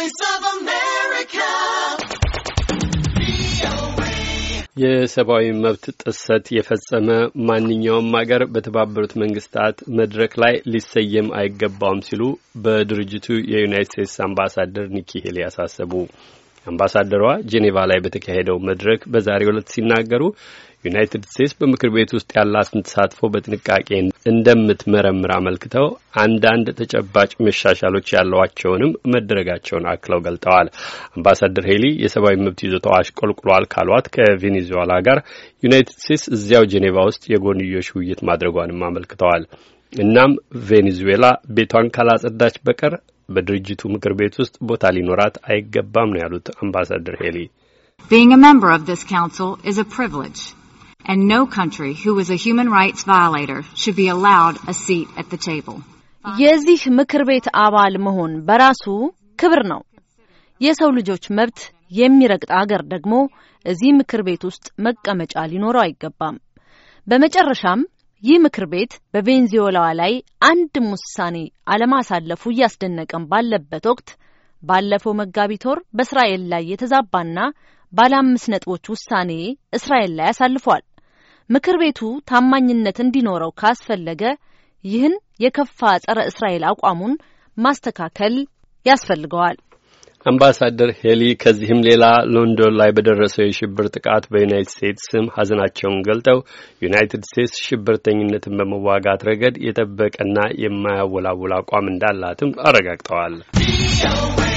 Voice of America. የሰብአዊ መብት ጥሰት የፈጸመ ማንኛውም አገር በተባበሩት መንግስታት መድረክ ላይ ሊሰየም አይገባውም ሲሉ በድርጅቱ የዩናይት ስቴትስ አምባሳደር ኒኪ ሄሊ ያሳሰቡ አምባሳደሯ ጄኔቫ ላይ በተካሄደው መድረክ በዛሬው ዕለት ሲናገሩ ዩናይትድ ስቴትስ በምክር ቤት ውስጥ ያላትን ተሳትፎ በጥንቃቄ እንደምትመረምር አመልክተው አንዳንድ ተጨባጭ መሻሻሎች ያሏቸውንም መደረጋቸውን አክለው ገልጠዋል። አምባሳደር ሄሊ የሰብአዊ መብት ይዞታው አሽቆልቁሏል ካሏት ከቬኔዙዌላ ጋር ዩናይትድ ስቴትስ እዚያው ጄኔቫ ውስጥ የጎንዮሽ ውይይት ማድረጓንም አመልክተዋል። እናም ቬኔዙዌላ ቤቷን ካላጸዳች በቀር በድርጅቱ ምክር ቤት ውስጥ ቦታ ሊኖራት አይገባም ነው ያሉት አምባሳደር ሄሊ። Being a member of this council is a privilege, and no country who is a human rights violator should be allowed a seat at the table. የዚህ ምክር ቤት አባል መሆን በራሱ ክብር ነው። የሰው ልጆች መብት የሚረግጥ አገር ደግሞ እዚህ ምክር ቤት ውስጥ መቀመጫ ሊኖረው አይገባም። በመጨረሻም ይህ ምክር ቤት በቬንዙዌላ ላይ አንድም ውሳኔ አለማሳለፉ እያስደነቀን ባለበት ወቅት ባለፈው መጋቢት ወር በእስራኤል ላይ የተዛባና ባለ አምስት ነጥቦች ውሳኔ እስራኤል ላይ አሳልፏል። ምክር ቤቱ ታማኝነት እንዲኖረው ካስፈለገ ይህን የከፋ ጸረ እስራኤል አቋሙን ማስተካከል ያስፈልገዋል። አምባሳደር ሄሊ ከዚህም ሌላ ሎንዶን ላይ በደረሰው የሽብር ጥቃት በዩናይትድ ስቴትስ ስም ሀዘናቸውን ገልጠው ዩናይትድ ስቴትስ ሽብርተኝነትን በመዋጋት ረገድ የጠበቀና የማያወላውል አቋም እንዳላትም አረጋግጠዋል።